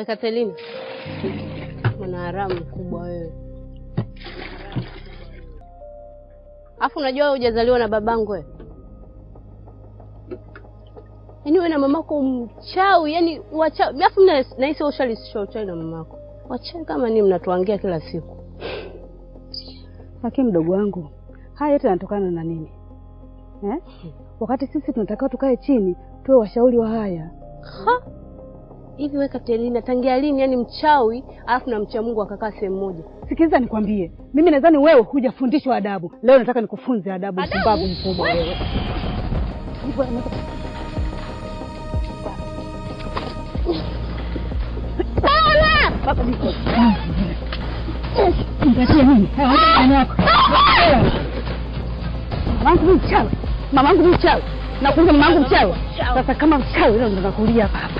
Wekatelina, mwana haramu mkubwa wewe. Alafu unajua wewe hujazaliwa na babangu wewe, yaani wewe na mamako mchawi, yaani wachawi. Alafu nahisi ushalisisha uchawi na mamako, wachawi kama ni mnatuangia kila siku. Lakini mdogo wangu, haya yote yanatokana na nini eh? Hmm. Wakati sisi tunatakiwa tukae chini tuwe washauri wa haya ha? hivi we Katerina, tangia lini yani mchawi alafu na mcha Mungu akakaa sehemu moja? Sikiliza nikwambie, mimi nadhani wewe hujafundishwa adabu. Leo nataka nikufunze adabu. Sababu mkubwa wewe mamangu ni mchawi, nakuuliza mamangu mchawi. Sasa kama mchawi leo nakulia hapa hapa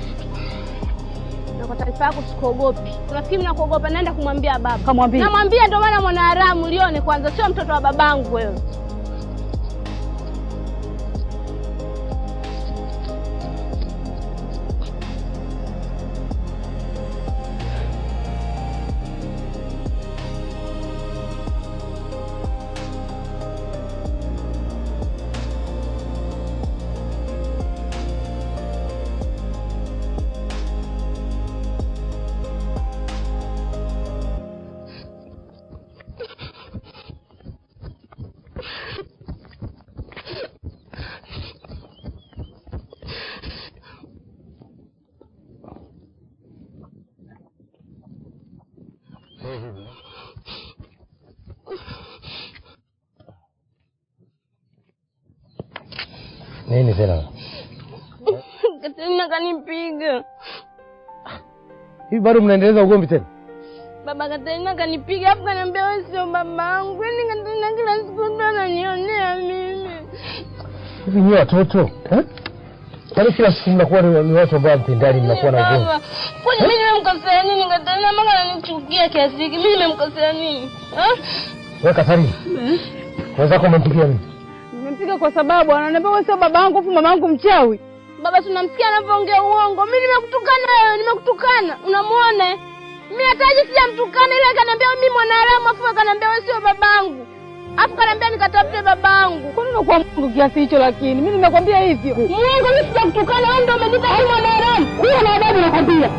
taifa yako sikuogopi. Unafikiri nakuogopa? Naenda kumwambia baba, kamwambia, namwambia. Ndio maana mwanaharamu lione kwanza, sio mtoto wa babangu wewe. Nini tena? Katrina kanipiga. Hivi bado mnaendeleza ugomvi tena? Baba Katrina kanipiga afu kaniambia wewe sio babangu. Kwani Katrina kila siku ndo ananionea mimi. Hivi nyie watoto, eh? Kwani kila siku mnakuwa ni watu ambao mpendani mnakuwa na ugomvi? Kwani mimi eh? nimemkosea nini? Mama ananichukia kiasi hiki, mimi nimemkosea nini? Wewe Katari, wenzako umempigia nini? Nimempiga kwa sababu ananiambia wewe sio baba yangu, afu mama yangu mchawi. Baba tunamsikia anapoongea uongo. Mimi nimekutukana wewe, nimekutukana. Unamuona? mi hata sijamtukana, ila akaniambia mimi mwana afu akaniambia wewe sio babangu katafute babangu. Kwa nini unakuwa Mungu kiasi hicho? Lakini mimi nimekwambia hivyo, Mungu mimi kutukana wewe, ndio umenipa hayo mwanadamu. Wewe na adabu nakwambia.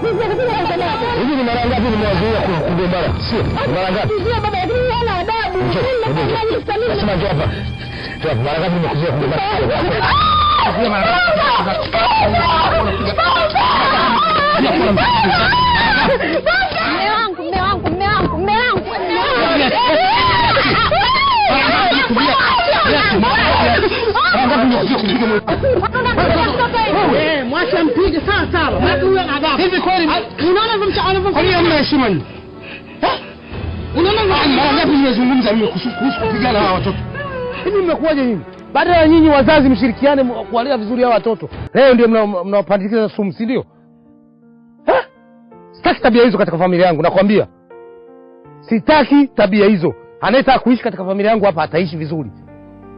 Hivi ni mara ngapi nimewazuia kuongea bara? Sio. Mara ngapi? Sio baba, lakini wewe huna adabu. Sema tu hapa. Tu hapa mara ngapi nimekuzuia kuongea bara? Sio mara ngapi? Mwache mpige mmekuwaje nyinyi? Badala ya nyinyi wazazi mshirikiane kuwalea vizuri hawa watoto, leo ndio mnawapandikiza sumu, si ndio? Sitaki tabia hizo katika familia yangu, nakwambia sitaki tabia hizo. Anayetaka kuishi katika familia yangu hapa ataishi vizuri,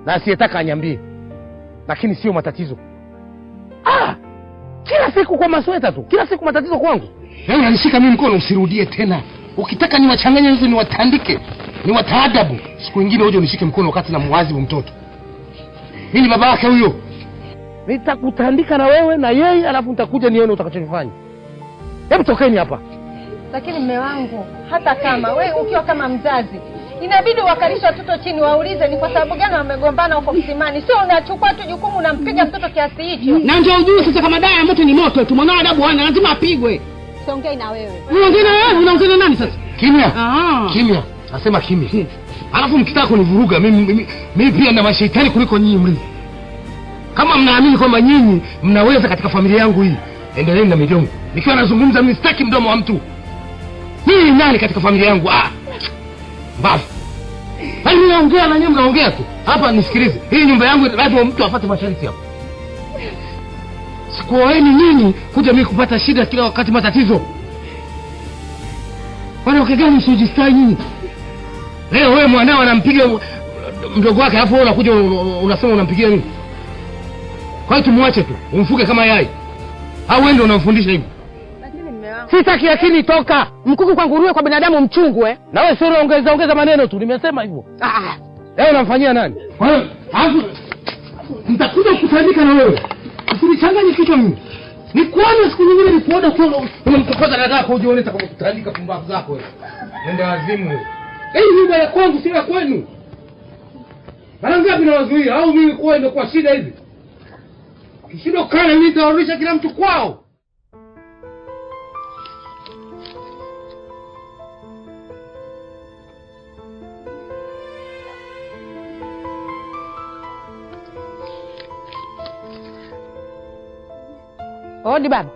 na asiyetaka anyambie lakini sio matatizo ah! kila siku kwa masweta tu, kila siku matatizo kwangu. Wewe unanishika mimi mkono, usirudie tena. Ukitaka niwachanganye hizo niwatandike, niwataadabu, siku nyingine uje unishike mkono wakati na muadhibu mtoto. Mimi ni baba yake huyo, nitakutandika na wewe na yeye, alafu nitakuja nione utakachofanya. Hebu tokeni hapa. Lakini mme wangu, hata kama wewe ukiwa kama mzazi inabidi wakalisha watoto chini, waulize ni kwa sababu gani wamegombana huko kisimani. Sio unachukua tu jukumu unampiga mtoto kiasi hicho, na ndio ujui sasa kama daya ya moto ni moto tu, mwanao adabu ana lazima apigwe. Siongei na wewe, unaongea na wewe, unaongea na nani sasa? Kimya, ah. kimya, nasema kimya. Alafu mkitaka kunivuruga mimi, mimi pia na mashaitani kuliko nyinyi mlio. Kama mnaamini kwamba nyinyi mnaweza katika familia yangu hii, endeleeni na midomo. Nikiwa nazungumza mimi sitaki mdomo wa mtu. Mimi nani katika familia yangu? Ah, mbavu mimi naongea na nyinyi mnaongea tu. Hapa nisikilize. Hii nyumba yangu lazima mtu apate masharti hapa. Sikuoeni nyinyi kuja mimi kupata shida kila wakati matatizo. Wanawake gani msijistai nyinyi? Leo wewe mwanao anampiga mdogo wake alafu wewe unakuja unasema unampigia nini? Kwa hiyo tumwache tu, umfuge kama yai. Au wewe ndio unamfundisha hivi? Sitaki akili toka. Mkuku kwa nguruwe, kwa binadamu mchungu eh? Na we sio ongeza ongeza maneno tu, nimesema hivyo. Ah ah. Leo unamfanyia nani? Kwa hiyo alafu nitakuja kukusanyika na wewe. Usinichanganye kichwa mimi. Nikuone siku nyingine nikuona tu unamkokoza dada yako ujione kama kutandika pumbavu zako wewe. Nenda wazimu wewe. Hii nyumba ya kwangu sio ya kwenu. Mara ngapi nawazuia au mimi kuwa ndio kwa shida hivi? Kishindo kana nitaorisha kila mtu kwao. Hodi baba.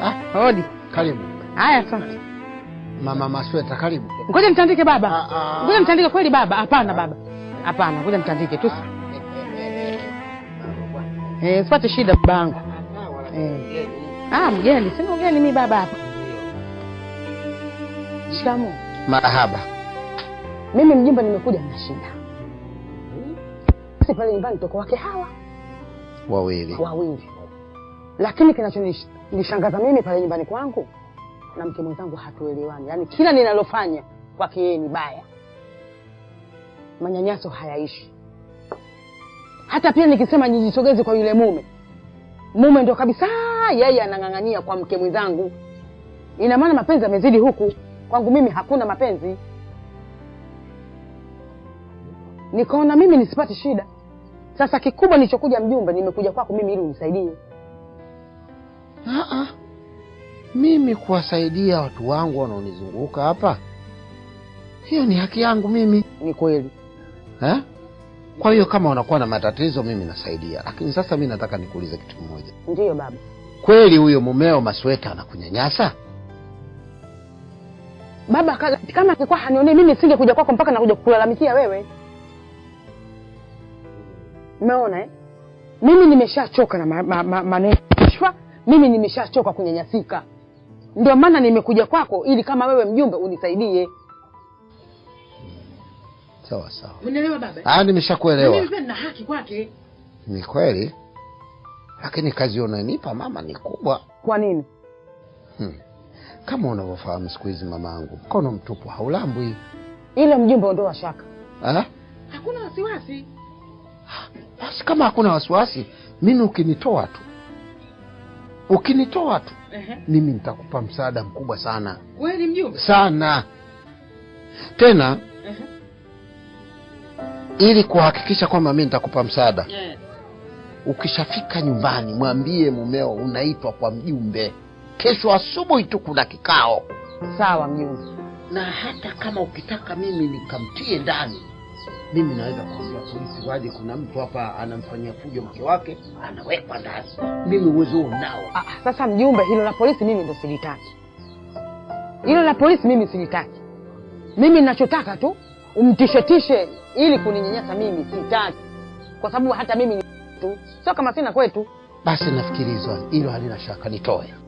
Ah, hodi. Karibu. Haya, asante. Mama Masweta, karibu. Ngoja nitandike baba. Ah, ah. Ngoja nitandike kweli baba. Hapana baba. Hapana, ngoja nitandike tu. Eh, sipate shida babangu. Eh. Ah, mgeni. Sina mgeni mimi baba hapa. Shikamoo. Marahaba. Mimi mjomba nimekuja na shida. Sipale nyumbani toko wake hawa. Wawili. Wawili. Lakini kinachonishangaza mimi pale nyumbani kwangu na mke mwenzangu hatuelewani, yaani kila ninalofanya kwake yeye ni baya, manyanyaso hayaishi. Hata pia nikisema nijisogeze kwa yule mume, mume ndo kabisa yeye anang'ang'ania kwa mke mwenzangu. Ina maana mapenzi yamezidi huku kwangu. Mimi hakuna mapenzi, nikaona mimi nisipate shida. Sasa kikubwa nilichokuja mjumba, nimekuja kwako mimi ili unisaidie mimi kuwasaidia watu wangu wanaonizunguka hapa, hiyo ni haki yangu mimi. Ni kweli ha? Eh? Kwa hiyo kama unakuwa na matatizo, mimi nasaidia, lakini sasa mi nataka nikuulize kitu kimoja. Ndiyo baba. Kweli huyo mumeo Masweta anakunyanyasa? Baba, kama angekuwa hanionee mimi singekuja kwako mpaka nakuja kukulalamikia wewe. Umeona eh? Mimi nimeshachoka na maneno ma, ma, ma, mimi nimeshachoka kunyanyasika ndio maana nimekuja kwako ili kama wewe mjumbe unisaidie. Sawa sawa, unielewa baba? Ah, nimeshakuelewa. Mimi nina haki kwake, ni kweli, lakini kazi unanipa mama ni kubwa. Kwa nini? Hmm. Kama unavyofahamu siku hizi mamangu, mkono mtupu haulambwi. Ile mjumbe ondoa shaka ha? Hakuna wasiwasi. Ah, basi kama hakuna wasiwasi, mimi ukinitoa tu ukinitoa tu mimi nitakupa msaada mkubwa sana kweli mjumbe sana tena ili kuhakikisha kwamba mimi nitakupa msaada yeah. Ukishafika nyumbani mwambie mumeo unaitwa kwa mjumbe, kesho asubuhi tu kuna kikao. Sawa mjumbe. Na hata kama ukitaka mimi nikamtie ndani mimi naweza kuambia polisi waje, kuna mtu hapa anamfanyia fujo mke wake, anawekwa ndani. Mimi uwezo huo nao. Ah, ah sasa mjumbe, hilo la polisi mimi ndo silitaki, hilo la polisi mimi silitaki. Mimi ninachotaka tu umtishetishe ili kuninyanyasa mimi, sitaki, kwa sababu hata mimi ni tu, sio kama sina kwetu. Basi nafikirizwa hilo halina shaka, nitoe